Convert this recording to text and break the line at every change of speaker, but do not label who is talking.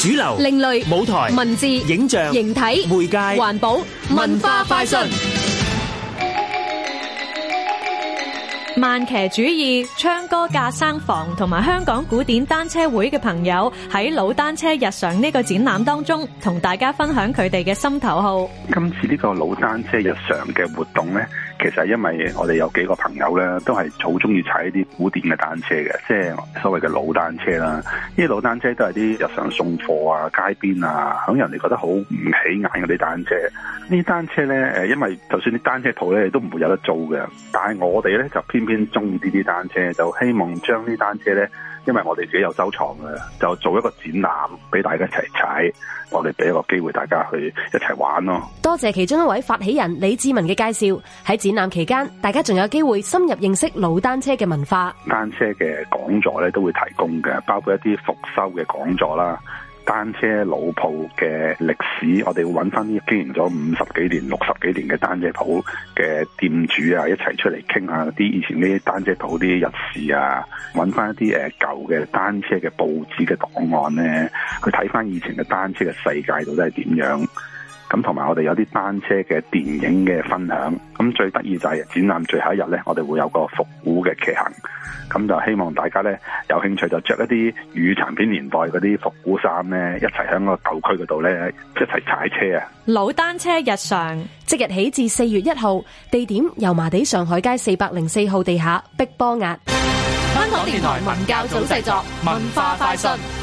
主流、另類舞台、文字、影像、形體、媒介、環保、文化快訊。慢騎主義、昌哥架生房同埋香港古典單車會嘅朋友喺老單車日常呢個展覽當中，同大家分享佢哋嘅心頭好。
今次呢個老單車日常嘅活動呢，其實係因為我哋有幾個朋友呢，都係好中意踩啲古典嘅單車嘅，即係所謂嘅老單車啦。呢啲老單車都係啲日常送貨啊、街邊啊，響人哋覺得好唔起眼嘅啲單車。呢單車呢誒，因為就算啲單車鋪呢，都唔會有得租嘅，但係我哋呢，就偏偏中意呢啲單車，就希望將呢單車呢，因為我哋自己有收藏嘅，就做一個展覽俾大家一齊踩，我哋俾一個機會大家去一齊玩咯。
多謝其中一位發起人李志文嘅介紹。喺展覽期間，大家仲有機會深入認識老單車嘅文化。
單車嘅講座咧都會提供嘅，包括一啲復修嘅講座啦。單車老鋪嘅歷史，我哋會揾翻啲經營咗五十幾年、六十幾年嘅單車鋪嘅店主啊，一齊出嚟傾下啲以前啲單車鋪啲日事啊，揾翻一啲誒、啊、舊嘅單車嘅報紙嘅檔案咧，去睇翻以前嘅單車嘅世界到底係點樣。咁同埋我哋有啲單車嘅電影嘅分享，咁最得意就係展覽最後一日呢，我哋會有個復古嘅騎行，咁就希望大家呢，有興趣就着一啲雨殘片年代嗰啲復古衫呢，一齊喺個舊區嗰度呢，一齊踩車啊！
老單車日常即日起至四月一號，地點油麻地上海街四百零四號地下碧波押。香港電台文教組製作，文化快訊。